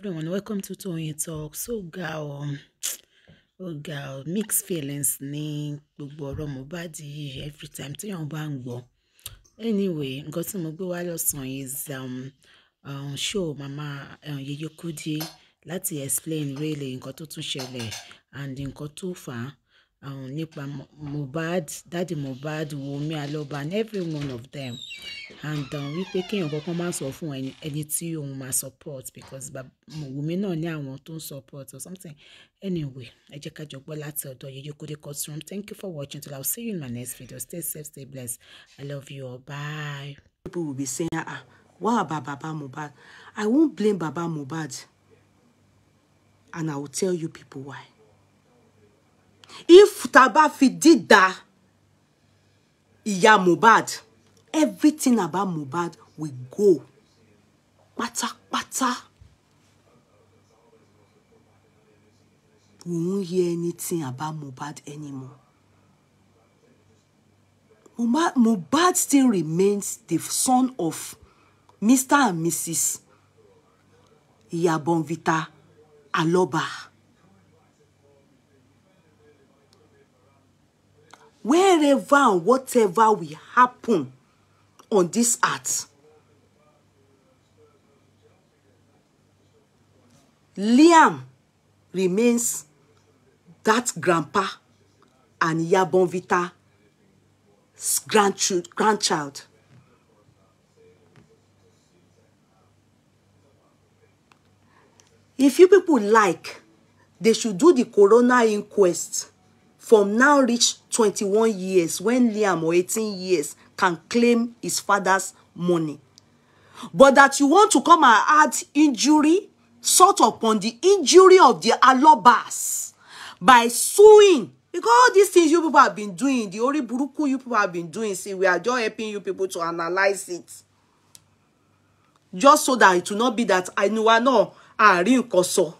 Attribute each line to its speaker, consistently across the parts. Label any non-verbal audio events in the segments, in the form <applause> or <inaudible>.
Speaker 1: everyone welcome to Tony Talk. so ga ọ ó ga mixed feelings ní gbogbo ọ̀rọ̀ Mohbad yìí every time téèyàn bá ń gbọ́ anyway nǹkan tí mo gbé wá lọ́sàn is um, um, show mama um, Yeye Kudi láti explain really nǹkan tó tún ṣẹlẹ̀ and nǹkan tó fà á um, nípa Mohbad dáàdì Mohbad Wunmi Aloba and every one of them and um, wípé kéèyàn kankan máa sọ fún ẹni ẹni tí òun máa support because Wunmi náà ní àwọn tó ń support or something anyway ẹ jẹ́ ká jọ gbọ́ láti ọ̀dọ̀ Yèyé Kúdí Courtroom thank you for watching till i will see you in my next video stay safe stay blessed i love you all bye. people will be saying ah, ah what about baba Mohbad i won't blame baba Mohbad and i will tell you people why if tá a bá fi dídá ìyá Mohbad everything about Mohbad will go pátápátá we won't hear anything about Mohbad anymore Mohbad, Mohbad still remains the son of Mr. and Mrs. Iya Bonvita Aloba. wherever and whatever will happen on this earth. Liam remains that grandpa and Yabon Vita's grandchild. If you people like, they should do the corona inquest from now reach 21 years when Liam or 18 years can claim his father's money. But that you want to come and add injury, sort upon the injury of the alobas by suing. Because all these things you people have been doing, the only buruku you people have been doing, see, we are just helping you people to analyze it. Just so that it will not be that I know I know ring so.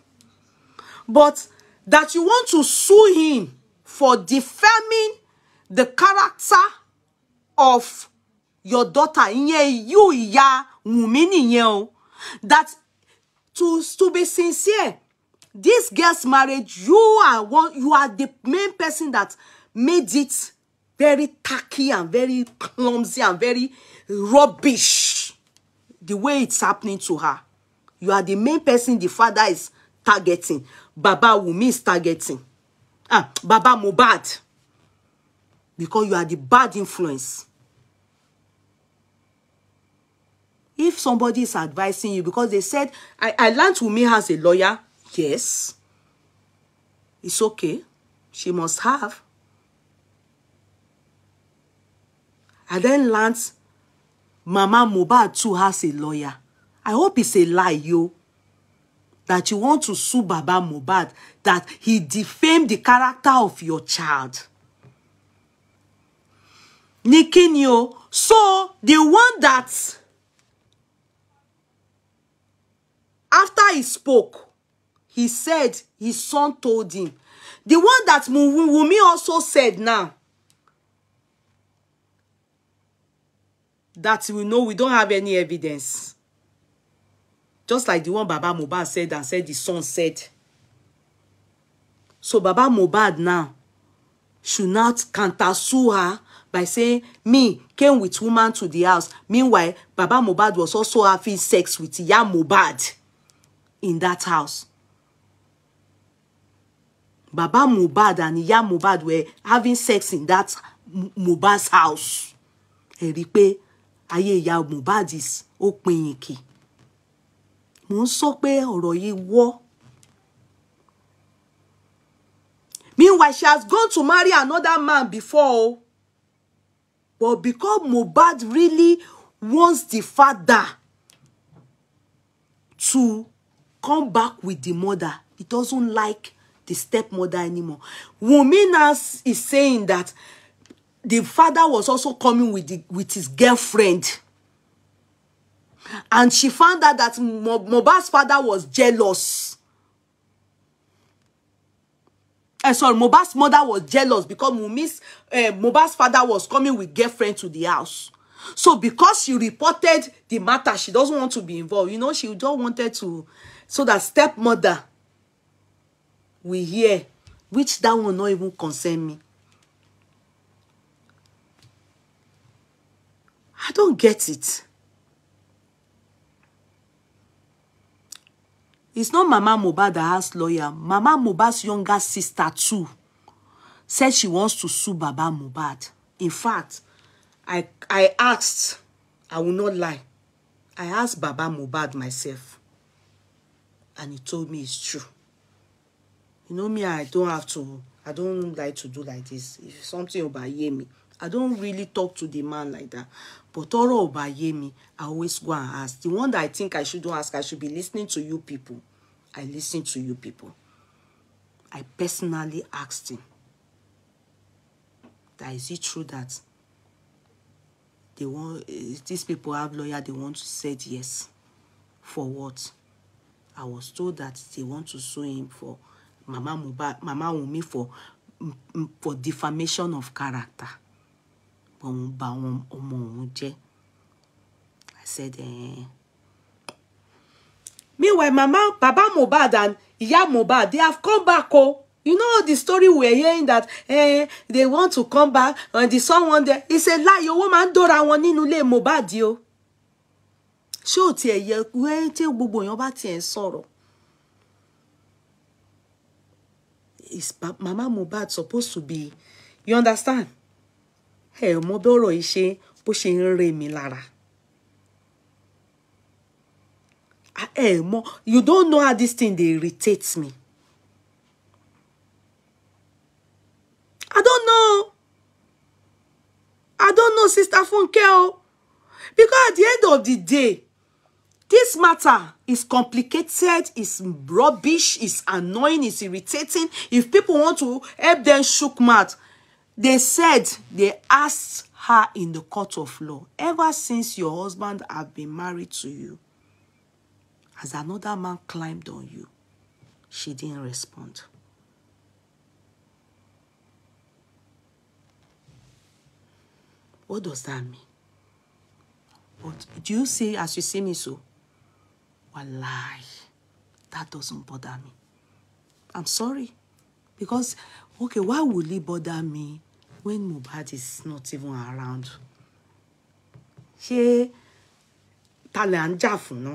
Speaker 1: But that you want to sue him for defaming the character of your daughter ìyẹn you ìyá Wùnmí nìyẹn o that to to be sincere this girl's marriage you are one you are the main person that made it very tacky and very clumsy and very rubbish the way it's happening to her you are the main person the father is targeting baba Wunmi is targeting ah baba Mohbad because you are the bad influence if somebody is advising you because they said i i learned Wumi has a lawyer yes it's okay she must have i then learned mama Mohbad too has a lawyer i hope it's a lie yo that you want to sue Baba Mohbad that he defamed the character of your child. Nikinio. So the one that after he spoke, he said his son told him. The one that Wumi also said now. That we know we don't have any evidence. Just like the one Baba Mohbad said and said the son said. So Baba Mohbad now should not counter sue her by saying, me came with woman to the house. Meanwhile, Baba Mohbad was also having sex with Iya Mohbad in that house. Baba Mohbad and Iya Mohbad were having sex in that Mohbad's house. Ẹ rí i pé ayé is ó pin mò ń sọ pé ọ̀rọ̀ yìí wọ́. meanwhile she has gone to marry another man before but because Mohbad really wants the father to come back with the mother he doesn't like the stepmother anymore Wunmi now is saying that the father was also coming with the with his girlfriend And she found out that Mohbad's father was jealous. Uh, sorry, Mohbad's mother was jealous because Mumi's, uh, eh, Mohbad's father was coming with girlfriend to the house. So because she reported the matter, she doesn't want to be involved. You know, she just wanted to, so that stepmother will hear, which that will not even concern me. I don't get it. It's not Mama Moba that has lawyer. Mama Moba's younger sister too said she wants to sue Baba Mubad. In fact, I, I asked, I will not lie, I asked Baba Mubad myself. And he told me it's true. You know me, I don't have to, I don't like to do like this. If something about hear me, I don't really talk to the man like that. But all ò bá yé mi, I always go and ask. The one that I think I shouldn't ask, I should be listening to you people. I listen to you people. I personally asked him, that is it true that they want, eh, these people have lawyer, they want to said yes. For what? I was told that they want to sue him for Mama Muba, Mama Wumi for, mm, mm, for defamation of character pé òun ba àwọn ọmọ òun jẹ́ I said eh. meanwhile mama baba Mohbad and ìyá Mohbad they have come back o. Oh. You know the story we're hearing that eh, they want to come back and the son one day. It's a lie. Owó máa ń dóra wọn nínú ilé Mohbad o. Oh. Ṣé ò tiẹ̀ yẹ wé tí gbogbo èèyàn bá tiẹ̀ ń sọ̀rọ̀? Is Mama Mohbad supposed to be? You understand? ẹ mọ bí ọ̀rọ̀ yìí ṣe bó ṣe ń re mi lára. ẹ mọ you don't know how this thing dey irritate me. I don't know. I don't know, Sister Funke Because at the end of the day, this matter is complicated, it's rubbish, it's annoying, it's irritating. If people want to help them shook mouth, They said they asked her in the court of law, ever since your husband have been married to you, has another man climbed on you? She didn't respond. What does that mean? But do you see, as you see me so, wallahi, that doesn't bother me. I'm sorry. Because, okay, why would it bother me when Mohbad is not even around ṣé ta lè à ń jà fún ná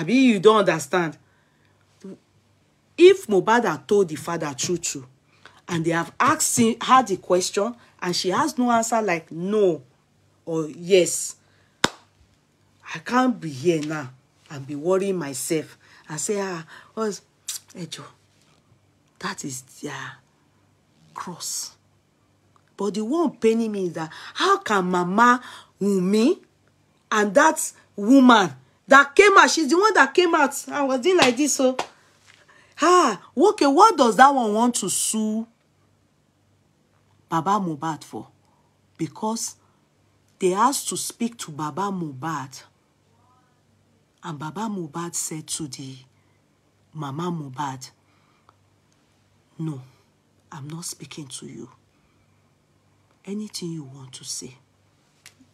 Speaker 1: àbí you don't understand if Mohbad had told the father true true and they have asked him, her the question and she has no answer like no or yes I can't be here now and be worrying myself and say ah what's ejo that is their cross But the one paining me is that how can Mama Umi, and that woman that came out, she's the one that came out. I was doing like this, so. Ah, okay, what does that one want to sue Baba Mohbad for? Because they asked to speak to Baba Mohbad. And Baba Mohbad said to the Mama Mohbad, no, I'm not speaking to you. Anything you want to say,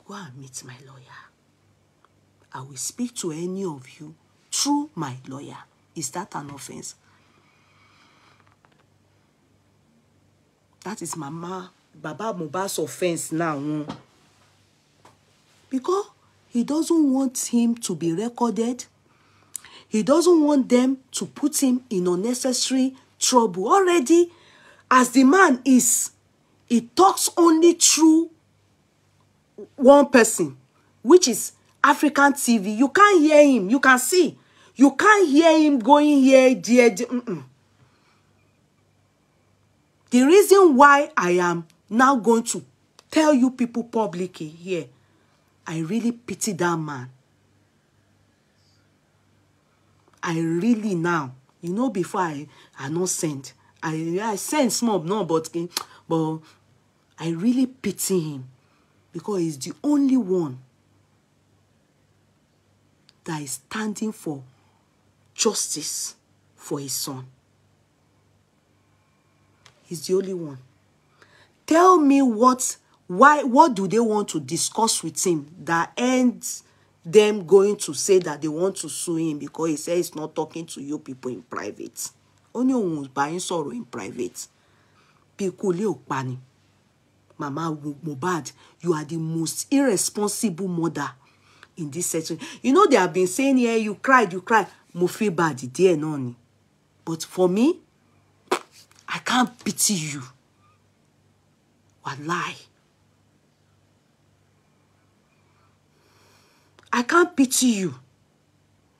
Speaker 1: go and meet my lawyer. I will speak to any of you through my lawyer. Is that an offense? That is Mama Baba Mohbad's offense now. Because he doesn't want him to be recorded. He doesn't want them to put him in unnecessary trouble. Already, as the man is, It talks only through one person, which is African TV. You can't hear him. You can see. You can't hear him going here, dear. dear mm -mm. The reason why I am now going to tell you people publicly here, I really pity that man. I really now, you know, before I, I not sent. I, I sent small, no, but, but I really pity him because he's the only one that is standing for justice for his son. He's the only one. Tell me what why what do they want to discuss with him that ends them going to say that they want to sue him because he says he's not talking to you people in private. Only ní òun ò bá in private. Bí ikú ilé Mama Mubad, you are the most irresponsible mother in this section. You know, they have been saying here, yeah, you cried, you cried. Mufi bad, dear noni. But for me, I can't pity you. Wallahi. I can't pity you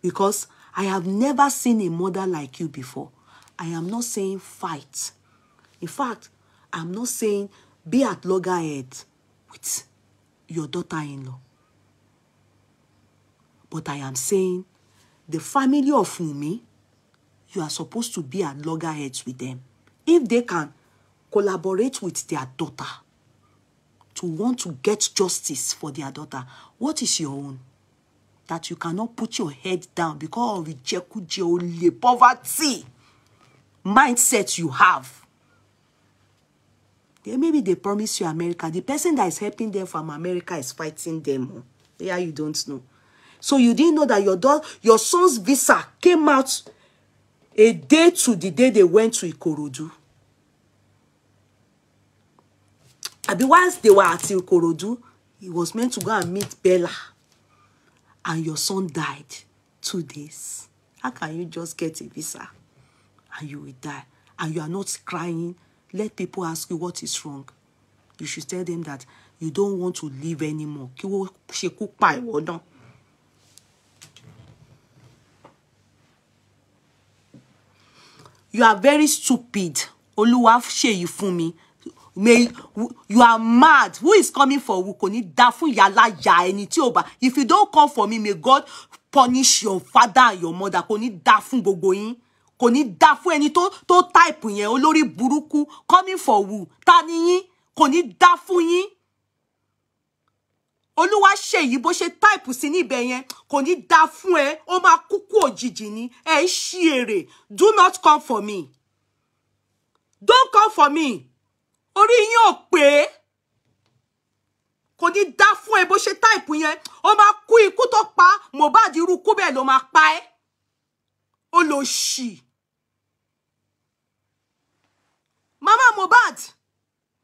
Speaker 1: because I have never seen a mother like you before. I am not saying fight. In fact, I'm not saying be at loggerheads with your daughter-in-law. But I am saying the family of Umi, you are supposed to be at loggerheads with them. If they can collaborate with their daughter to want to get justice for their daughter, what is your own? That you cannot put your head down because of ìjẹkújẹ olè poverty mindset you have. They, maybe they promise you America. The person that is helping them from America is fighting them. Oh. Yeah, you don't know. So you didn't know that your daughter, your son's visa came out a day to the day they went to Ikorodu. I Abi, once they were at Ikorodu, he was meant to go and meet Bella. And your son died two days. How can you just get a visa and you will die? And you are not crying let people ask you what is wrong you should tell them that you don't want to live anymore kí wọ́n ṣekú pa ìwọ náà. you are very stupid olúwa ṣèyí fún mi may you are mad who is coming for who kò ní dá fún yàrá ẹni tí ò bá if you don't come for me may God punish your father and your mother kò ní dá fún gbogbo yín kò ní dá fún ẹni tó tó táìpù yẹn olórí burúkú coming for who ta ni yín kò ní dá fún yín olúwa ṣe yìí bó ṣe táìpù sí níbẹ̀ yẹn kò ní dá fún ẹ ó máa kúkú òjijì ni ẹ ṣí èrè do not come for me don't come for me orí yín ò pé kò ní dá fún ẹ bó ṣe táìpù yẹn ó máa kú ikú tó pa Mohbad irú kú bẹ́ẹ̀ ló máa pa ẹ́ ó lọ ṣì. mama Mohbad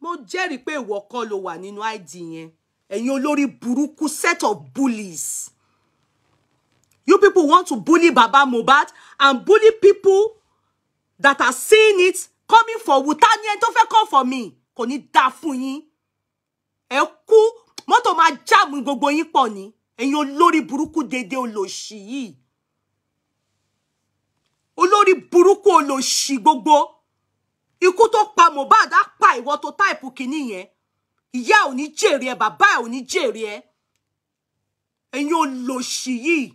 Speaker 1: mo jẹ́rìí pé ìwọ kọ́ ló wà nínú id yẹn ẹ̀yin olórí burúkú set of bullies you people want to bully baba Mohbad and bully people that are seeing it coming for ta ni ẹni tó fẹ́ come for me kò ní dáa fún yín ẹ kú mọ́tò máa jáàmù gbogbo yín pọ̀ ni ẹ̀yin olórí burúkú déédéé olòṣì yìí olórí burúkú olòṣì gbogbo ikú tó pa Mohbad á pa ìwọ tó táìpù kínní yẹn ìyá ò ní jèrè ẹ bàbá ẹ ò ní jèrè ẹ ẹ̀yin olòṣì yìí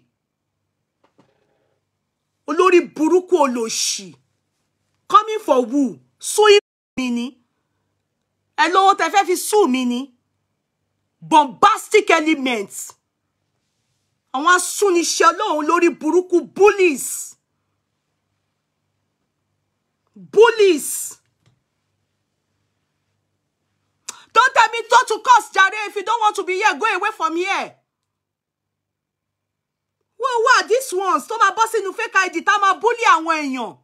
Speaker 1: olórí burúkú olòṣì coming for who sue mi ni ẹ lówó tẹ fẹ́ fi sue mi ni bombastic elements àwọn asúniṣẹ́ olóhùn lórí burúkú bullies bullies. Don't tell me not to curse Jare. If you don't want to be here, go away from here. Well, what are these ones? Tó máa bọ́ sínú fake ID, tá máa bully àwọn èèyàn.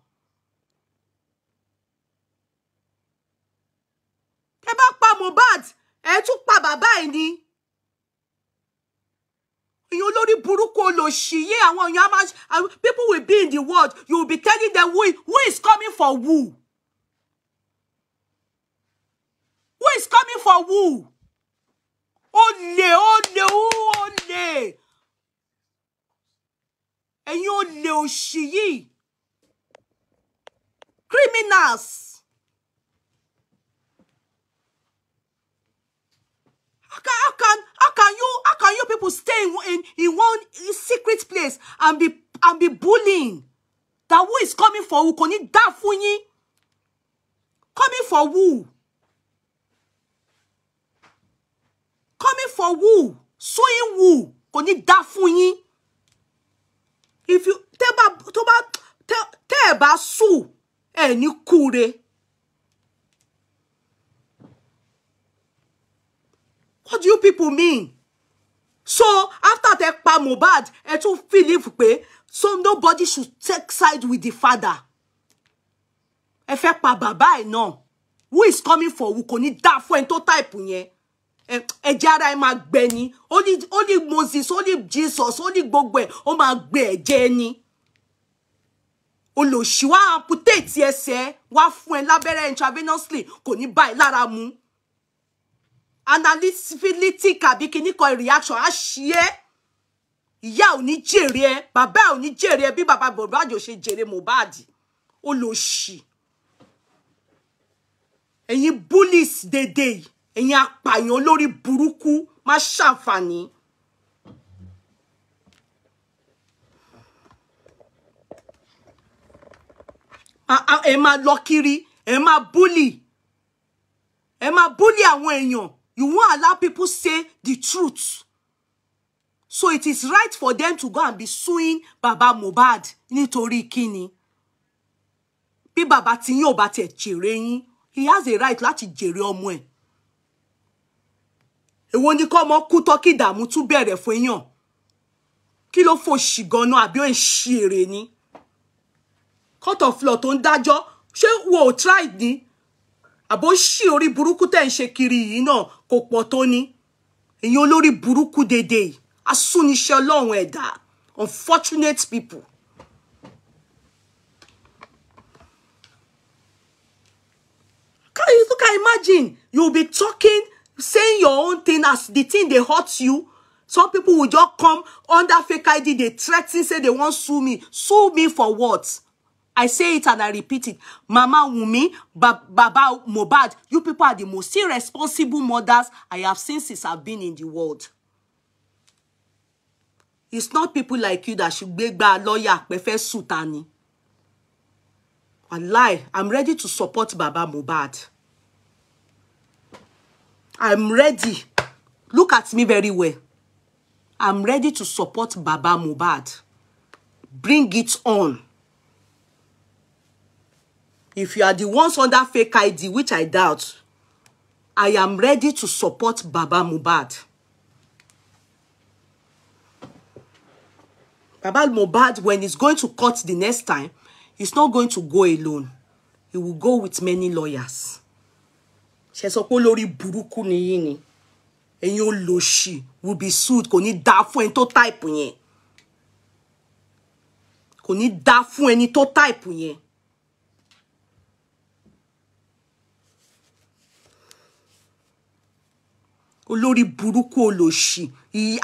Speaker 1: Ẹ bá pa Mohbad, ẹ tún pa bàbá ẹ̀ ni the fi olórí burúkú olòṣìyẹ àwọn èèyàn máa people will be in the world you will be telling them who, who is coming for who who is coming for who olè olè olè ẹ̀yin olè òṣì yìí criminals. How can, how can, how can you, how can you people stay in, in, in one secret place and be, and be bullying? That who is coming for who? Kò ní dá fún Coming for who? Coming for who? Suing who? Kò ní dá fún If you, tẹ́ bá, tó bá, tẹ́, tẹ́ bá sùn, ẹ what do you people mean so after tẹ pa Mohbad ẹ feel if pé so nobody should take side with the father ẹ fẹ́ pa bàbá no. who is coming for who kò ní dá fún ẹni tó táìpù yẹn ẹ̀jẹ̀ ara ẹ̀ máa gbẹ ni Moses only Jesus only ní gbogbo ẹ̀ ó máa gbẹ ẹ̀jẹ̀ ni olùsíwá amputate ẹsẹ̀ wá fún ẹ lábẹ́rẹ́ intravenously kò ní bá ẹ analytic àbí kíní kan reaction á ṣí ẹ ìyá ò ní jèrè ẹ bàbá ò ní jèrè ẹ bí bàbá Bọ̀bọ́lájí ò ṣe jèrè Mohbad ó lọ ṣì ẹ̀yin bullies dédé yìí ẹ̀yin apààyàn olórí burúkú má ṣàǹfààní. ẹ máa lọ kiri ẹ máa búlì ẹ máa búlì àwọn èèyàn You won't allow people say the truth. So it is right for them to go and be suing Baba Mohbad Nitori Kini. Bí bàbá tí yín ò bá tiẹ̀ he has a right láti jèrè ọmọ ẹ̀. Èwo ni kọ́ ọmọ kú tọ́kì ìdààmú tún bẹ̀rẹ̀ fún èèyàn. Kí ló fò ṣì gan-an àbí ni? Court of law tó ń dájọ́ ṣé wo ò try ní àbó ṣì orí burúkú tẹ̀ ń ṣe kiri yìí náà kò pọ̀ tó ní èyí olórí burúkú dédé yìí asúniṣẹ́ ọlọ́run ẹ̀dá unfortunate people. Can you look at imagine you be talking, saying your own thing as the thing they hurt you. Some people will just come under fake ID, they threaten, say they won't sue me. Sue me for what? I say it and I repeat it. Mama Wumi, ba Baba Mobad, you people are the most irresponsible mothers I have seen since I've been in the world. It's not people like you that should be a lawyer, prefer sutani. I lie. I'm ready to support Baba Mobad. I'm ready. Look at me very well. I'm ready to support Baba Mobad. Bring it on if you are the ones under on fake ID, which I doubt, I am ready to support Baba Mubad. Baba Mubad, when he's going to court the next time, he's not going to go alone. He will go with many lawyers. She sọ pé lórí ni yín ni. Ẹ̀yin will be sued koni dafu dá to ẹni tó type yẹn. Kò ní dá fún type yẹn. olórí burúkú olòṣì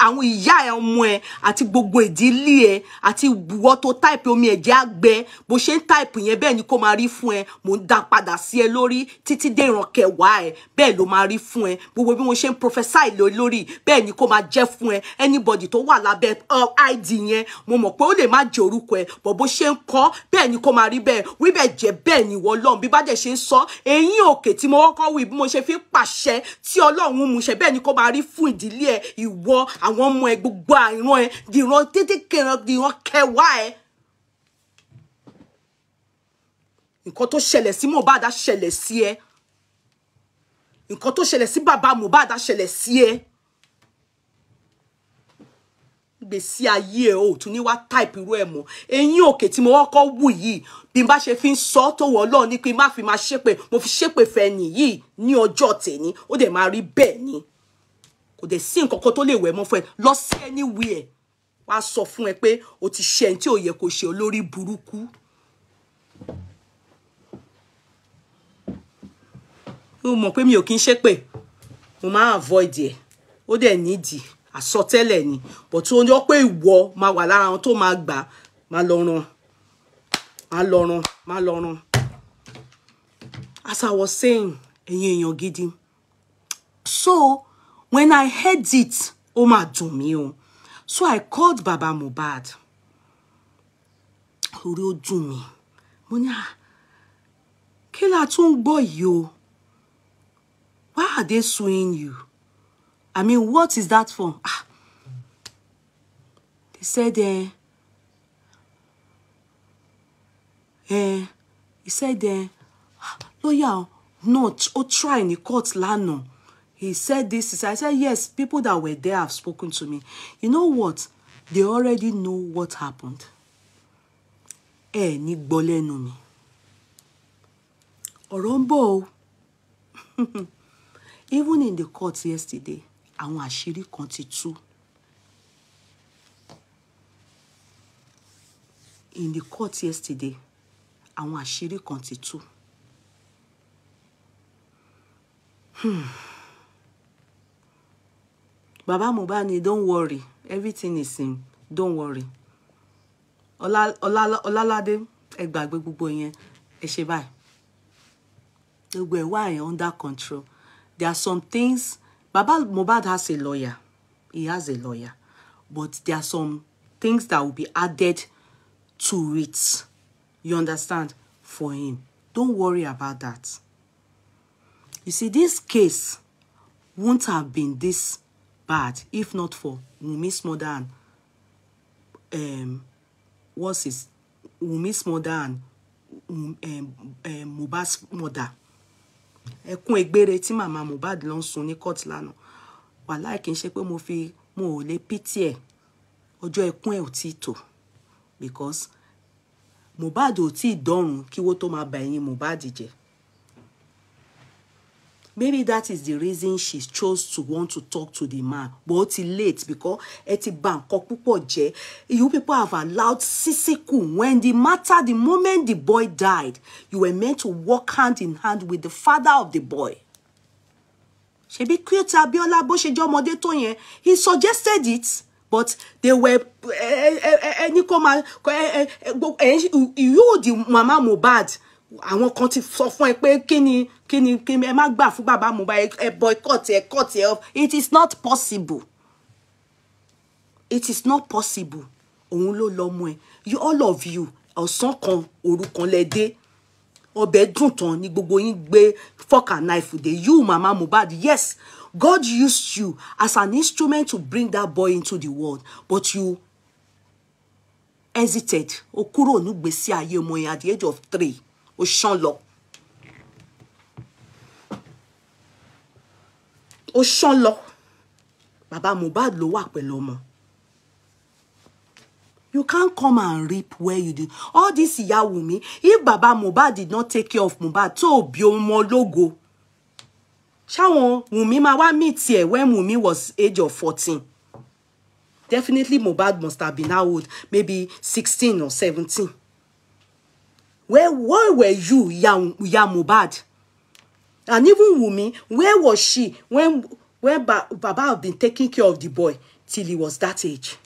Speaker 1: àwọn ìyá ẹ ọmọ ẹ àti gbogbo ìdílé ẹ àti ìwọ tó táìpì omi ẹ̀jẹ̀ àgbẹ̀ bó ṣe ń táìpì yẹn bẹ́ẹ̀ ni kò máa rí fún ẹ mò ń dá padà sí ẹ lórí títí dé ìran kẹwàá ẹ bẹ́ẹ̀ ló máa rí fún ẹ gbogbo bí mo ṣe ń prophesy lórí bẹ́ẹ̀ ni kò máa jẹ́ fún ẹ anybody tó wà lábẹ́ uh, id yẹn mo mọ̀ pé ó lè má jẹ́ orúkọ ẹ bọ̀ bó ṣe ń kọ́ bẹ́ẹ̀ ni kò máa rí bẹ́ẹ̀ wíbẹ̀ jẹ́ bẹ́ẹ̀ ni ìwọ lọ́n bí bá dẹ̀ ṣe ń sọ eyín òkè tí mo kọ́kọ́ wí bí mo ṣe fi pàṣẹ tí ọlọ́run mú ṣe bẹ́ẹ̀ ni kò máa rí fún ìdílé ẹ ìwọ àwọn ọmọ ẹ gbogbo àìrán ẹ dìran tètè kẹran dìran kẹwàá ẹ nǹkan tó ṣẹlẹ̀ sí Mohbad á ṣẹlẹ̀ sí ẹ nǹkan tó ṣẹlẹ̀ sí bàbá Mohbad á ṣẹlẹ̀ sí ẹ gbèsè ayé ẹ ò tún ní wá táìpì irú ẹ mọ eyín òkè tí mo kọ́kọ́ wù yìí bí n bá ṣe fi ń sọ tó wọ Ọlọ́run ní pé má fi máa ṣépè mo fi ṣépè fẹ́ nìyí ní ọjọ́ tèmi ó dẹ̀ máa rí bẹ́ẹ̀ ni kò dẹ̀ sí nǹkan kan tó lè wẹ̀ mọ́ fún ẹ lọ sí anywhere wàá sọ fún ẹ pé o ti ṣe ẹni tí ò yẹ kó ṣe olórí burúkú. mo mọ̀ pé mi ò kí ń ṣépè mo máa avoid ẹ̀ ó dẹ̀ nídìí àsọtẹ́lẹ̀ ni but ó yọ pé ìwọ máa wà lára àwọn tó máa gbà máa lọ ran máa lọ ran máa lọ ran as I was saying ẹ̀yin èèyàn gidi so when I heard it ó mà dùn mí o so I called Baba Mohbad orí ó dùn mí mo ní à ah, kí la tún ń gbọ́ yìí o why are they suing you I mean what is that for ah they said eh eh he said eh ah, lọ́yà náà ó try ní court lánàá he said this. He said, I said, yes, people that were there have spoken to me. You know what? They already know what happened. Eh? Ni gbọ́ lẹ́nu mi. Ọ̀rọ̀ <laughs> Even in the court yesterday, I want kan ti tú. In the court yesterday, I want kan ti tú. Hmm. Baba Mobani, don't worry everything is in don't worry ọláládé ẹ gbàgbé gbogbo yẹn ẹ ṣe báyìí gbogbo ẹ wà yẹn under control there are some things baba Mohbad has a lawyer he has a lawyer but there are some things that will be added to it you understand for him don't worry about that you see this case won't have been this bad if not for Wumi's mother and um, what's his Wumi's mother and um, um, um Mohbad's mother. Ẹkún egbére tí màmá Mohbad ló ń sun ní court lánàá. Wàláì kì í ṣe pé mo fi mo ò lè pítì ẹ̀. Ọjọ́ ẹkún ẹ̀ ò tí tò because Mohbad ò tí ì dọ̀run kí wọ́n tó máa bà ẹ̀yìn Mohbad jẹ́ maybe that is the reason she chose to want to talk to the man but ó ti late because ẹ ti bà nǹkan púpọ̀ you people have allowed sisiku when the matter the moment the boy died you were meant to work hand in hand with the father of the boy ṣebí Quilty Abiola bó ṣe jẹ́ ọmọdé tó yẹn he suggested it but they were ẹni kò máa you the mama Mohbad àwọn kan ti sọ fún ẹ pé kí ni kí ẹ má gbà fún bàbá Mohbad ẹ boycott ẹ cut ẹ off it is not possible it is not possible òun ló lọ ẹ you all of you ọ̀sán kan òru kan lẹ dé ọbẹ̀ dùn tán ni gbogbo yín gbé fork and knife dé you mama Mohbad yes God used you as an instrument to bring that boy into the world but you hesitated. o kúrò nígbésí ayé ọmọ yẹn at the age of three ó ṣán lọ ó ṣán lọ bàbá Mohbad ló wà pẹ̀lú ọmọ you can't come and reap where you did all this Yawumi. if baba Mohbad did not take care of Mohbad tó o bí ọmọ lógo ṣáwọn Wunmi máa wá meet ẹ when Wunmi was age of fourteen definitely Mohbad must have been out maybe sixteen or seventeen Where, why were you, young, young Yamubad? And even Wumi, where was she when, when ba Baba have been taking care of the boy till he was that age?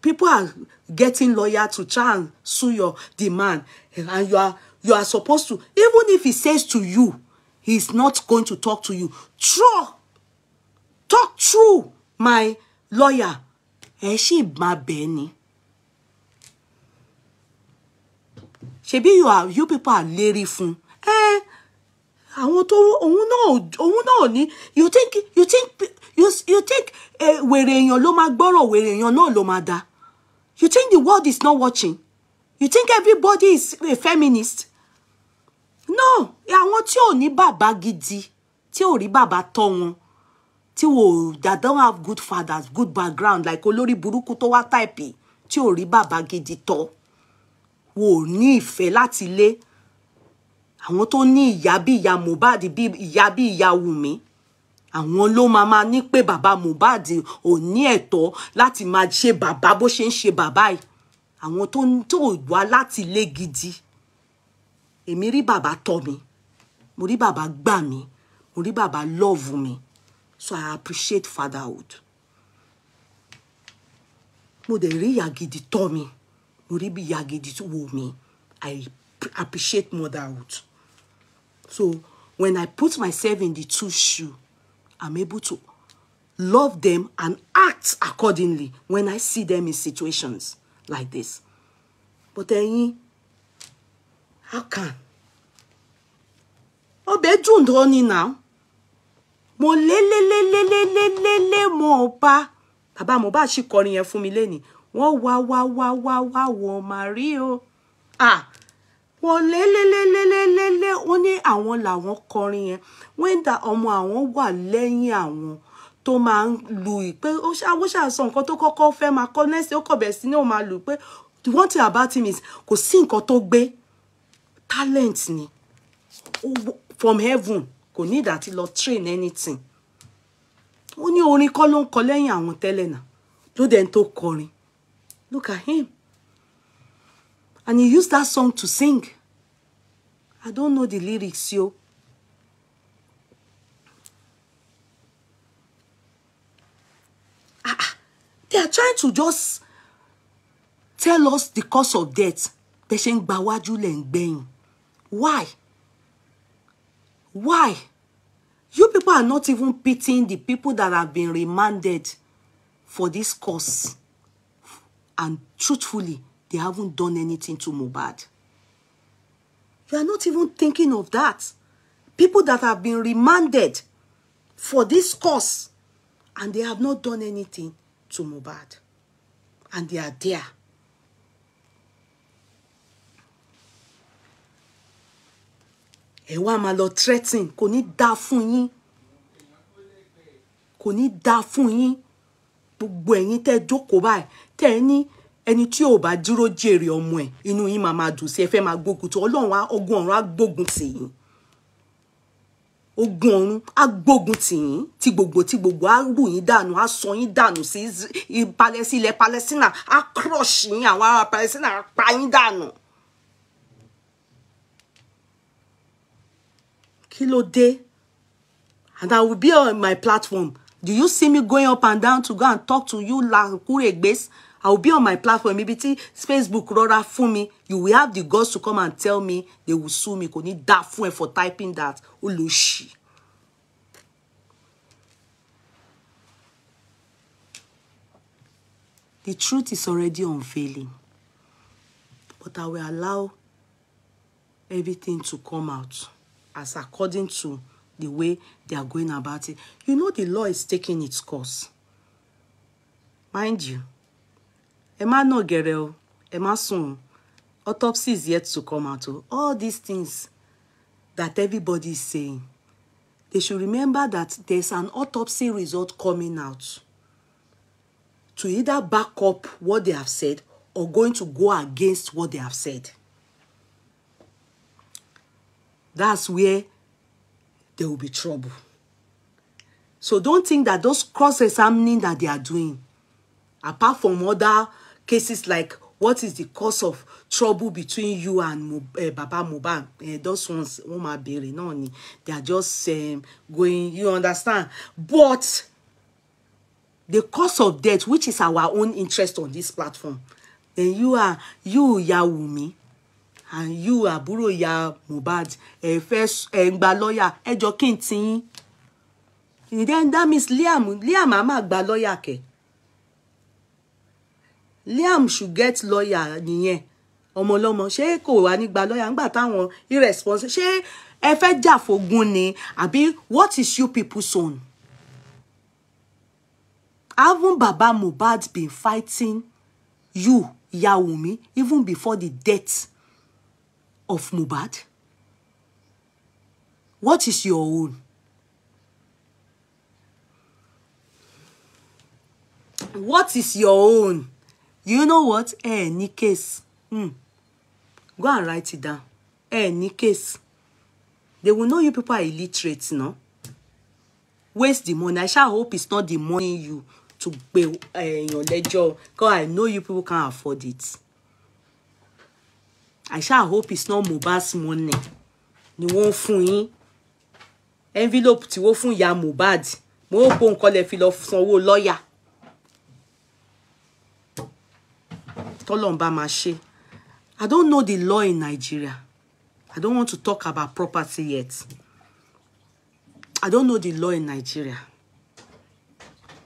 Speaker 1: People are getting lawyer to try and sue your demand, and you are you are supposed to. Even if he says to you, he's not going to talk to you. True, talk through my lawyer ẹ ṣì máa bẹ̀ ẹ́ ni. ṣebí you are you people are lérí fún ẹ àwọn tó òun náà òun náà ní you think you think you, you think eh? wèrè èèyàn ló máa gbọ́rọ̀ wèrè èèyàn náà ló máa da you think the world is not watching you think everybody is a feminist no àwọn tí ò ní bàbá gidi tí ò rí bàbá tọ́ wọn tí wò that don't have good fathers good background like Olori Buruku tó wá táìpì tí ò rí bàbá gidi tọ́ wò ní ìfẹ́ láti lé àwọn tó ní ìyá bí ìyá Mohbad bí ìyá bí ìyá Wùmí àwọn ló máa máa ní pé bàbá Mohbad ò ní ẹ̀tọ́ láti máa ṣe bàbá bó ṣe ń ṣe bàbá yìí àwọn tó tó wá láti gidi èmi rí bàbá tọ́ mi mo rí baba gbà mí mo rí bàbá lọ́ọ̀vù mi so I appreciate fatherhood mo dẹ̀ rí ìyá gidi tọ́ mi mo rí bí ìyá gidi tó wò mí I appreciate motherhood so when I put myself in the two shoe I'm able to love them and act accordingly when I see them in situations like this but then, how can ọbẹ̀ dùn dán ni now mo lélélélélélélé mọ ọba bàbá Mohbad sì kọrin yẹn fún mi lénìí wọ́n wá wá wá wá wá wọ màrí o wọ́n lélélélélélé ó ní àwọn làwọn kọrin yẹn wọ́n dà ọmọ àwọn wà lẹ́yìn àwọn tó máa ń lu ìpè ó ṣàṣọ nǹkan tó kọ́kọ́ fẹ́ máa kọ́ nẹ́sì ó kọ̀bẹ̀ sí ní ó máa lù pé one thing about him is kò sí nǹkan tó gbé talent ni from heaven kò ní ìdá tí lọ train anything ó ní orin kọ́ ló ń kọ lẹ́yìn àwọn tẹ́lẹ̀ náà ló dẹ̀ ń tó kọrin look at him and he used that song to sing I don't know the lyrics yo. Ah, ah. they are trying to just tell us the cause of death bẹ́ẹ̀ ṣe ń gba wájú why Why? You people are not even pitying the people that have been remanded for this cause. And truthfully, they haven't done anything to Mubad. You are not even thinking of that. People that have been remanded for this cause and they have not done anything to Mubad. And they are there. ẹ wá máa lọ threaten kò ní dáa fún yín kò ní dáa fún yín gbogbo ẹ̀yin tẹ́ jókòó báyìí tẹ́ ẹ ní ẹni tí ò bá dúró jèrè ọmọ ẹ̀ inú yín máa máa dùn sí ẹ fẹ́ máa gbógun tó ọlọ́run ogun ọ̀run á gbógun tì yín ogun ọ̀run á gbógun tì yín tí gbogbo tí gbogbo á rù yín dànù á sọ yín dànù sí ilẹ̀ Palẹ́sínà á crush yín àwọn ará Palẹ́sínà á pa yín dànù. kí ló dé and I will be on my platform do you see me going up and down to go and talk to you lakuregbes I will be on my platform ibi tí Facebook rọra fún mi you will have the guts to come and tell me they will sue me kò ní dá fún ẹ for typing that olóṣì. The truth is already unveiling but I will allow everything to come out as according to the way they are going about it. You know the law is taking its course. Mind you, ẹ má nà gẹ̀rẹ̀ o, autopsy is yet to come out All these things that everybody is saying, they should remember that there's an autopsy result coming out to either back up what they have said or going to go against what they have said that's where there will be trouble. So don't think that those cross-examining that they are doing, apart from other cases like what is the cause of trouble between you and uh, Baba Mohbad, uh, those ones, wọ́n máa béèrè ni, they are just um, going, you understand? But the cause of death, which is our own interest on this platform, then you are, you, Yawumi, and you àbúrò ìyá Mohbad ẹ fẹ́ ẹ ń gba lọ́ọ̀yà ẹ jọ kí n ti yín then that means Liam Liam á máa gba lọ́ọ̀yà kẹ́ Liam should get lawyer nìyẹn ọmọlọ́mọ ṣé kò wá ní gba lọ́ọ̀yà ńgbà táwọn irresponsible ṣé ẹ fẹ́ jà fógun ni àbí what is you people's own haven't Baba Mohbad been fighting you Ìyá Wùmí even before the death of Mubad? What is your own? What is your own? You know what? Any case. Hmm. Go and write it down. Any case. They will know you people are illiterate, no? Waste the money. I shall hope it's not the money you to pay uh, your ledger. Because I know you people can't afford it. I shall hope it's not Mohbad's money ni wọ́n fún yín envelope tí wọ́n fún ìyá Mohbad mo ò pò nǹkan lè fi lọ sanwó lọ́ọ̀yà tọ́lọ́run bá máa ṣe I don't know the law in Nigeria I don't want to talk about property yet I don't know the law in Nigeria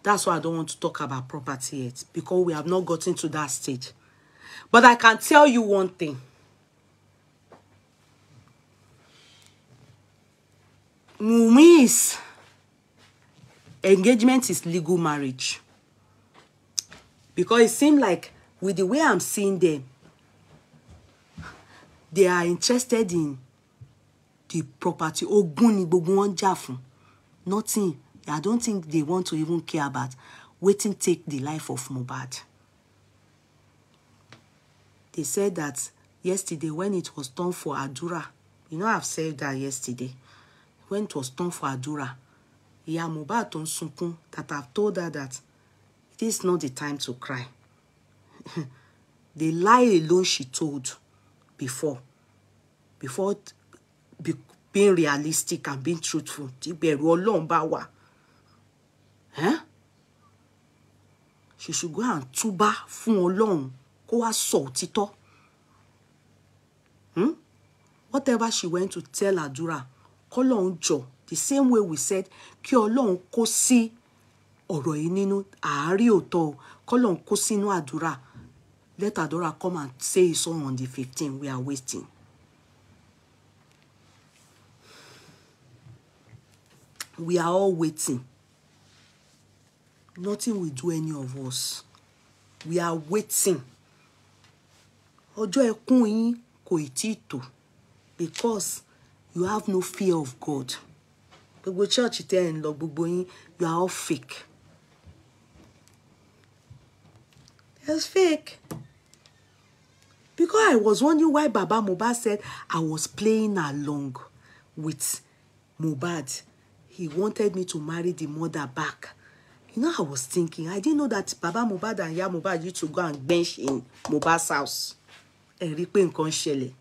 Speaker 1: that's why I don't want to talk about property yet because we have not gotten to that stage but I can tell you one thing. Mumi's engagement is legal marriage. Because it seems like with the way I'm seeing them, they are interested in the property. Ogún ni gbogbo wọn Nothing. I don't think they want to even care about waiting take the life of Mohbad. They said that yesterday when it was done for Adura, you know I've said that yesterday when it was time for Adura, Iya Mohbad tó ń that I've told her that it is not the time to cry. <laughs> the lie alone she told before, before be, being realistic and being truthful, tí be Ọlọ́run bá wà. Eh? She should go and túbá fún Ọlọ́run Go wá sọ òtítọ́. Hmm? Whatever she went to tell Adura, kọ́lọ́run jọ the same way we said kí ọlọ́run kó sí ọ̀rọ̀ yìí nínú àárí òótọ́ kọ́lọ́run kó sínú àdúrà let àdúrà come and say his song on the fifteen we are waiting. we are all waiting. Nothing will do any of us. We are waiting. Ọjọ́ ẹkún yín kò tí ì tò because you have no fear of God gbogbo church tẹ́ ẹ̀ ń lọ gbogbo yín you are all fake that's fake because I was wondering why Baba Mubad said I was playing along with Mubad. he wanted me to marry the mother back you know I was thinking I didn't know that Baba Mubad and Iya Mubad used to go and bench in Mubad's house ẹ rí i pé nǹkan ṣẹlẹ̀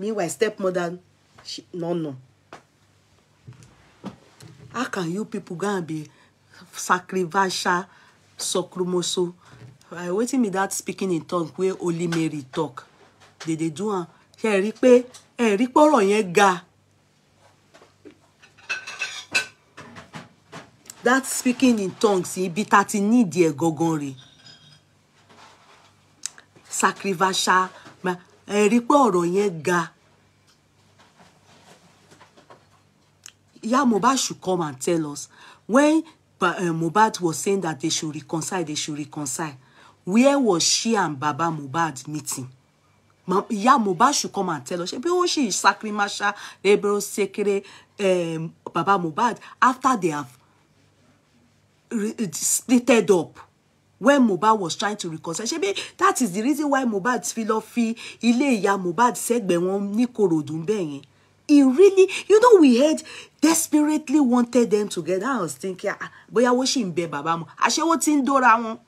Speaker 1: meanwhile stepmother She, no, no. How can you people go and be sacrificial, socrumoso? I waiting me that speaking in tongue where only Mary talk. Did they do am. Ṣé ẹ rí pé ẹ rí ga. That speaking in tongues ibi tá ti nídìí ẹ̀ gangan rèé sacrificial ẹ rí pé ọ̀rọ̀ yẹn ga Iya Mohbad should come and tell us when uh, Mohbad was saying that they should reconcile, they should reconcile. Where was she and Baba Mohbad meeting? Ma, Iya Mohbad should come and tell us. Ṣebí wọ́n ṣì sacrimasha ebro sekere um, eh, Baba Mohbad after they have eh, splitted up when Mohbad was trying to reconcile. she be that is the reason why Mohbad fi lọ fi ilé ìyá Mohbad sẹ́gbẹ̀ẹ́ wọn ní Kòròdú bẹ́ẹ̀ He really, you know, we had desperately wanted them together. I was thinking, ah, bóyá wọ́n ṣì ń bẹ bàbá mu. Àṣewó ti ń dóra wọn.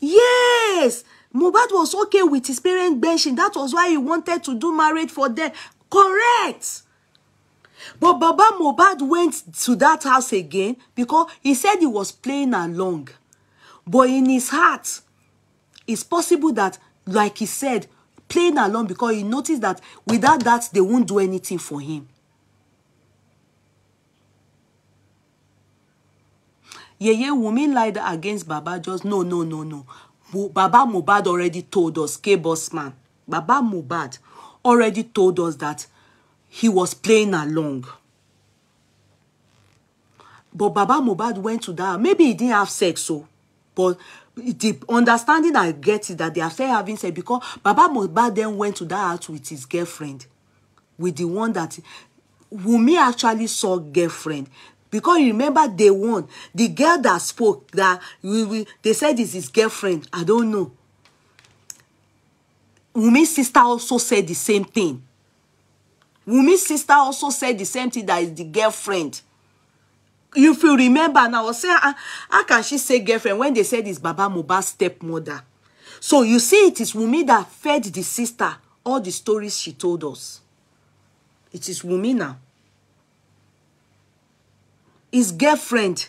Speaker 1: Yes, Mohbad was okay with his parents benching. That was why he wanted to do marriage for them. Correct. But Baba Mohbad went to that house again because he said he was playing along. But in his heart, it's possible that, like he said, playing along because he noticed that without that, they won't do anything for him. Yeah, yeah, Wumi lied against Baba just no, no, no, no. Baba Mubad already told us, K boss man. Baba Mubad already told us that he was playing along. But Baba Mubad went to that. Maybe he didn't have sex, so. But the understanding I get is that they are still having sex because Baba Mohbad then went to that house with his girlfriend, with the one that Wunmi actually saw girlfriend. Because you remember day one, the girl that spoke that we, we they said is his girlfriend. I don't know. Wunmi's sister also said the same thing. Wunmi's sister also said the same thing that is the girlfriend if you remember now say ah how can she say girlfriend when they said it's baba Mohbad's stepmother so you see it is Wumi that fed the sister all the stories she told us it is Wumi now his girlfriend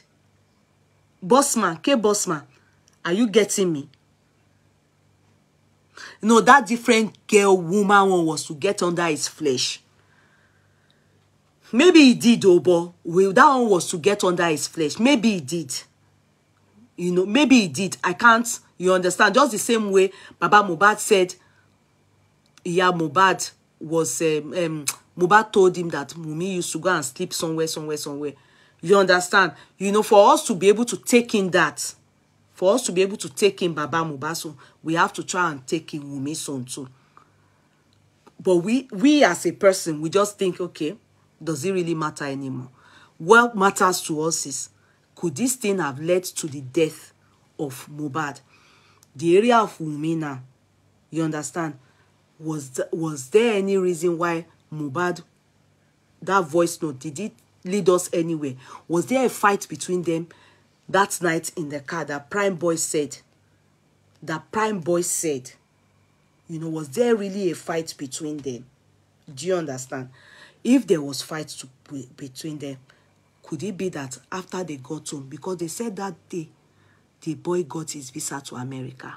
Speaker 1: bossman k bossman are you getting me no that different girl woman one was to get under his flesh Maybe he did, oh, but well, that one was to get under his flesh. Maybe he did. You know, maybe he did. I can't, you understand? Just the same way Baba Mubad said, yeah, Mubad was, um, um, Mubad told him that Mumi used to go and sleep somewhere, somewhere, somewhere. You understand? You know, for us to be able to take in that, for us to be able to take in Baba Mubaso, we have to try and take in Mumi Son too. But we, we as a person, we just think, okay, does it really matter anymore? What matters to us is, could this thing have led to the death of Mubad? The area of Umina? you understand? Was, th was there any reason why Mubad, that voice note, did it lead us anywhere? Was there a fight between them that night in the car that Prime Boy said? That Prime Boy said, you know, was there really a fight between them? Do you understand? if there was fight to, between them could it be that after they got home because they said that day the boy got his visa to america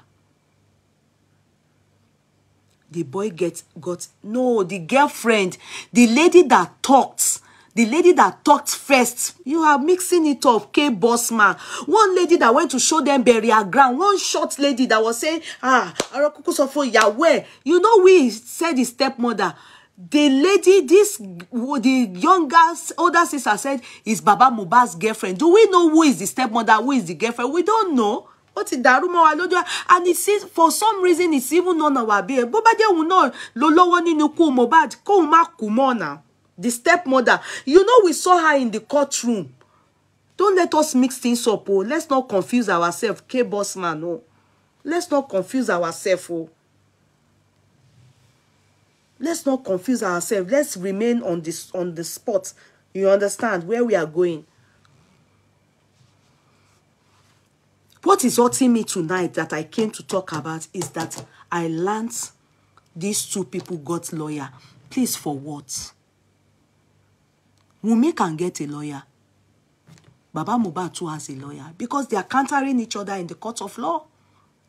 Speaker 1: the boy get got no the girlfriend the lady that talked the lady that talked first you are mixing it up k Boss man. one lady that went to show them burial ground one short lady that was saying ah arakuku sọ you know we said the stepmother the lady this the younger older sister said is baba Mohbad's girlfriend do we know who is the stepmother who is the girlfriend we don't know ó ti dàrú mọ́ wa lójú and he says for some reason it's even none of our bill bó bá jẹ́ òun náà ló lọ́wọ́ nínú ikú Mohbad kóun má kú mọ́ ọ̀nà the stepmother you know we saw her in the courtroom don't let us mix things up o oh. let's not confuse ourselves k boss man o oh. let's not confuse ourselves o. Oh. Let's not confuse ourselves. Let's remain on this on the spot. You understand where we are going. What is hurting me tonight that I came to talk about is that I learned these two people got lawyer. Please, for what? Wunmi can get a lawyer. Baba Mohbad has a lawyer because they are countering each other in the court of law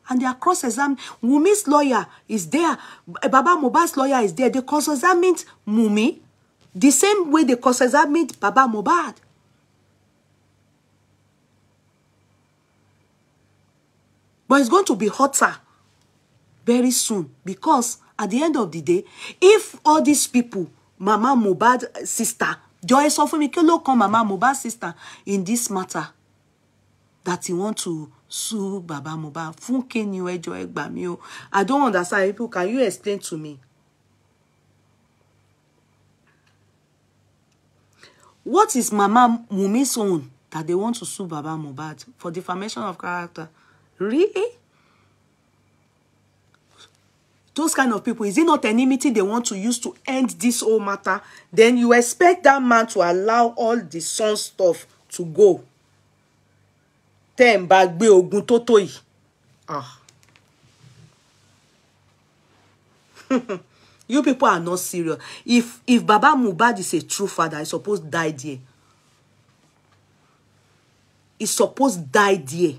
Speaker 1: and their cross exam, Mumi's lawyer is there. Baba Mohbad's lawyer is there. They cross-examined Mumi the same way they cross-examined Baba Mohbad. But it's going to be hotter very soon because at the end of the day, if all these people, Mama Mubad, sister, Joy Sofumike, look on Mama Mubad, sister in this matter that he want to sue Baba Mohbad Fúnkẹ́ ni o ẹ ẹ gbà mí o I don't understand people can you explain to me. What is Mama Wumi's own that they want to sue Baba Mohbad for defamation of character? Really? Those kind of people, is it not enmity they want to use to end this whole matter? Then you expect that man to allow all the son stuff to go tẹ́ ẹ̀ ń bá gbé ogun tó tó yìí ah. <laughs> you people are not serious if if Baba Mohbad is a true father he suppose die there he suppose die there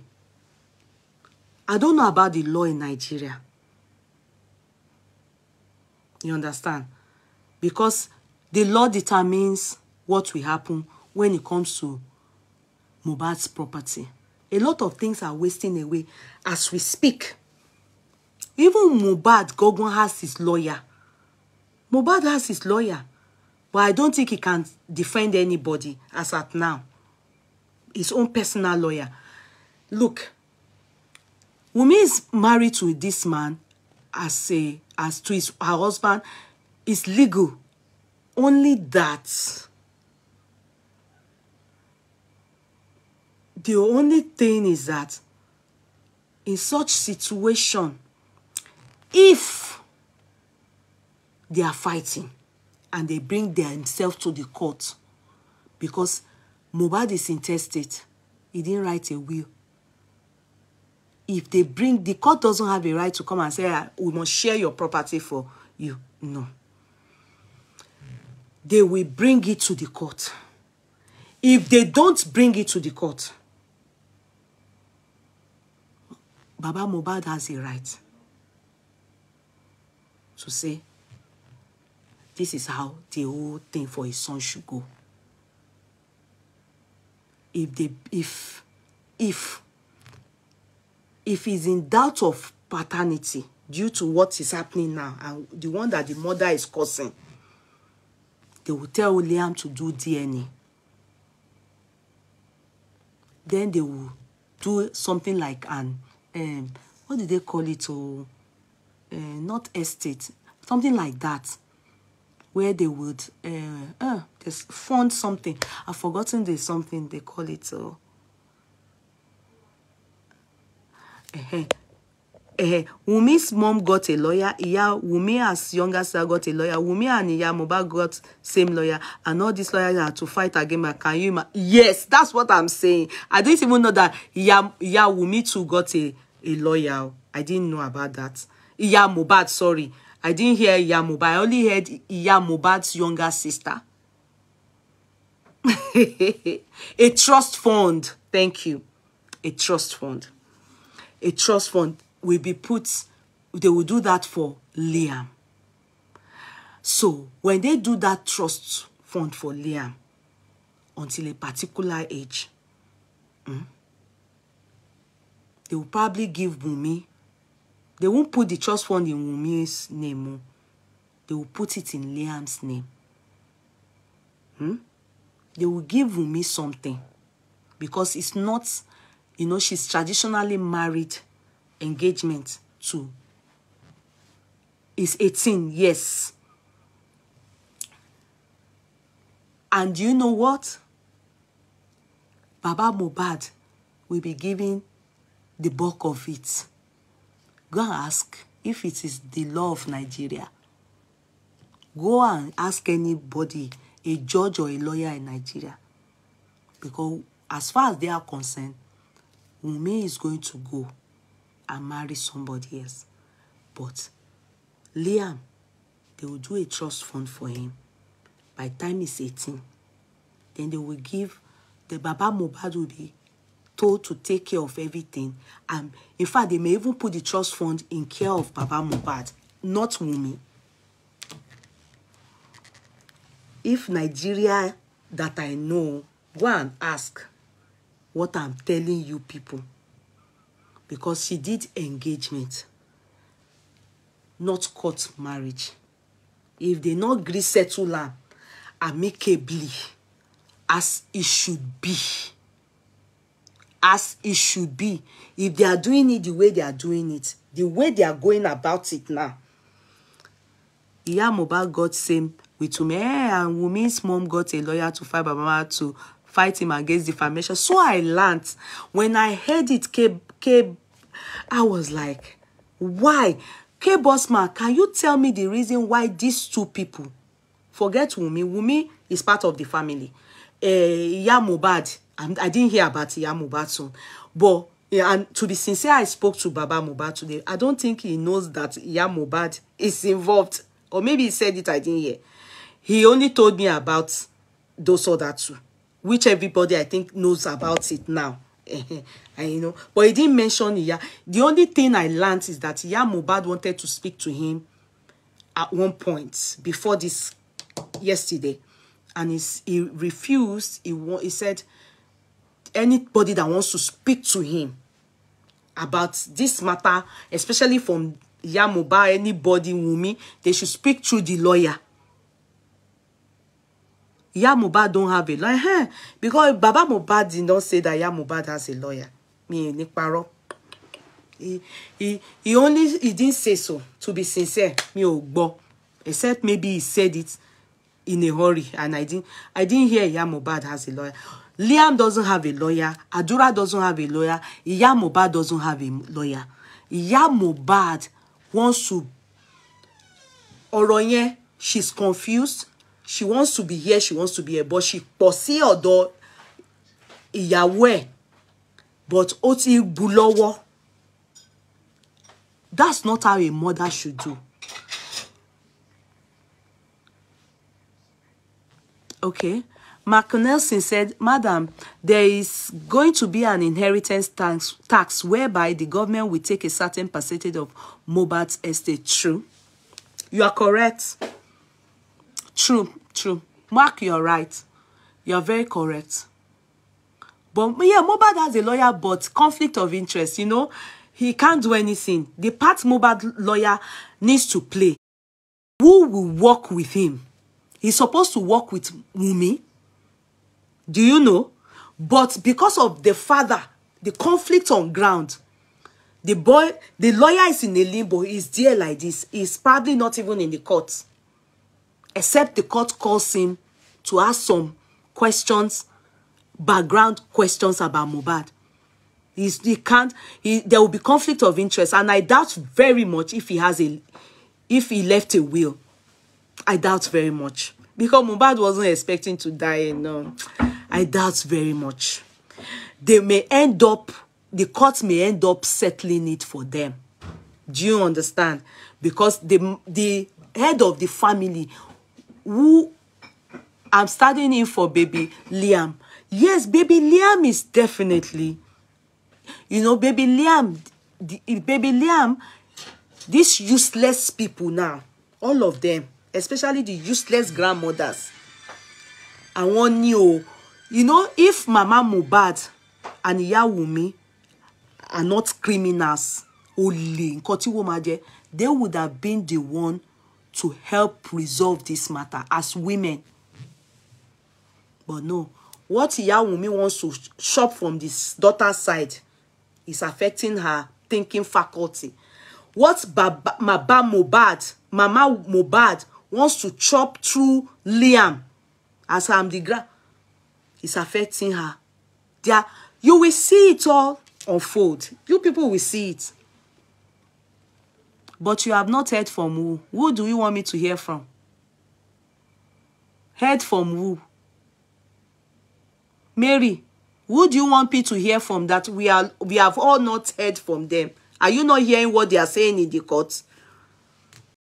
Speaker 1: I don't know about the law in Nigeria you understand because the law determines what will happen when it comes to Mohbad's property. A lot of things are wasting away as we speak. Even Mubad Gogon has his lawyer. Mubad has his lawyer. But I don't think he can defend anybody as at now. His own personal lawyer. Look, Wumi is married to this man as a as to his her husband is legal. Only that The only thing is that in such situation, if they are fighting and they bring themselves to the court because Mohbad is intestate, he didn't write a will. If they bring, the court doesn't have a right to come and say, ah, we must share your property for you. No. They will bring it to the court. If they don't bring it to the court, Baba Mohbad has a right to say, this is how the whole thing for his son should go. If they, if, if, if he's in doubt of paternity due to what is happening now and the one that the mother is causing, they will tell Liam to do DNA. Then they will do something like an um, what did they call it? Oh, uh, not estate, something like that, where they would uh, uh, just fund something. I've forgotten the something they call it. Oh, uh -huh uh, Wumi's mom got a lawyer. Yeah, Wumi's younger sister got a lawyer. Wumi and Iya Mohbad got same lawyer. And all these lawyers are to fight again. Can you imagine? Yes, that's what I'm saying. I didn't even know that Iya, Iya Wumi too got a, a lawyer. I didn't know about that. Iya Mubad. sorry. I didn't hear Iya Mohbad. I only heard Iya Mubad's younger sister. <laughs> a trust fund. Thank you. A trust fund. A trust fund will be put, they will do that for Liam. So when they do that trust fund for Liam until a particular age, mm, they will probably give Bumi. They won't put the trust fund in Bumi's name. Oh. They will put it in Liam's name. Mm? They will give Bumi something because it's not, you know, she's traditionally married engagement to is 18 yes. And you know what? Baba Mubad will be giving the bulk of it. Go and ask if it is the law of Nigeria. Go and ask anybody, a judge or a lawyer in Nigeria. Because as far as they are concerned, Wunmi is going to go and marry somebody else. But Liam, they will do a trust fund for him. By time he's 18, then they will give the Baba Mohbad will be told to take care of everything. And in fact, they may even put the trust fund in care of Baba Mohbad, not Wunmi. If Nigeria that I know, go and ask what I'm telling you people because she did engagement, not court marriage. If they not agree settle am amicably as it should be, as it should be, if they are doing it the way they are doing it, the way they are going about it now, yeah, mobile got same with Wunmi. Eh, and Wunmi's mom got a lawyer to fight mama to fight him against defamation. So I learned when I heard it, K, K, I was like, why? K Bossman, can you tell me the reason why these two people, forget Wumi, Wumi is part of the family. Uh, eh, Iya I didn't hear about Iya Mohbad soon. But yeah, and to be sincere, I spoke to Baba Mubad today. I don't think he knows that Iya Mohbad is involved. Or maybe he said it, I didn't hear. He only told me about those other two, which everybody I think knows about it now. <laughs> I you know, but he didn't mention Iya. The only thing I learned is that Iya Mubad wanted to speak to him at one point before this yesterday, and he he refused. He he said anybody that wants to speak to him about this matter, especially from Iya Mubad, anybody, Wunmi, they should speak through the lawyer. Iya don't have a lawyer. Huh? Because Baba Mubad did not say that Iya has a lawyer. Me, ní He, he, he only he didn't say so. To be sincere, mi ò gbọ́. Except maybe he said it in a hurry and I didn't I didn't hear Yamubad has a lawyer. Liam doesn't have a lawyer. Adura doesn't have a lawyer. Iya doesn't have a lawyer. Yamubad wants to ọ̀rọ̀ yẹn she's confused she wants to be here she wants to be here but she pọ̀ sí ọ̀dọ̀ ìyàwó but ó ti that's not how a mother should do. Okay. Mark Nelson said, Madam, there is going to be an inheritance tax, tax whereby the government will take a certain percentage of Mobat's estate. True. You are correct. True, true. Mark, you're right. You're very correct. But yeah, Mobad has a lawyer, but conflict of interest, you know, he can't do anything. The part Mobad lawyer needs to play. Who will work with him? He's supposed to work with Mumi. Do you know? But because of the father, the conflict on ground, the boy, the lawyer is in a limbo. He's there like this. He's probably not even in the court except the court calls him to ask some questions, background questions about Mubad. He's, he can't. He, there will be conflict of interest, and I doubt very much if he has a, if he left a will. I doubt very much because Mubad wasn't expecting to die. And no, I doubt very much. They may end up. The court may end up settling it for them. Do you understand? Because the the head of the family who I'm standing in for baby Liam. Yes, baby Liam is definitely, you know, baby Liam, the, baby Liam, these useless people now, all of them, especially the useless grandmothers. I want you, you know, if Mama Mubad and Yawumi are not criminals, only, they would have been the one to help resolve this matter as women. But no, what Yawumi wants to shop from this daughter's side is affecting her thinking faculty. What Baba, Mobad, Mama Mobad wants to chop through Liam as I'm the gra is affecting her. Yeah, you will see it all unfold. You people will see it. But you have not heard from who? Who do you want me to hear from? Heard from who? Mary, who do you want me to hear from that we are we have all not heard from them? Are you not hearing what they are saying in the courts?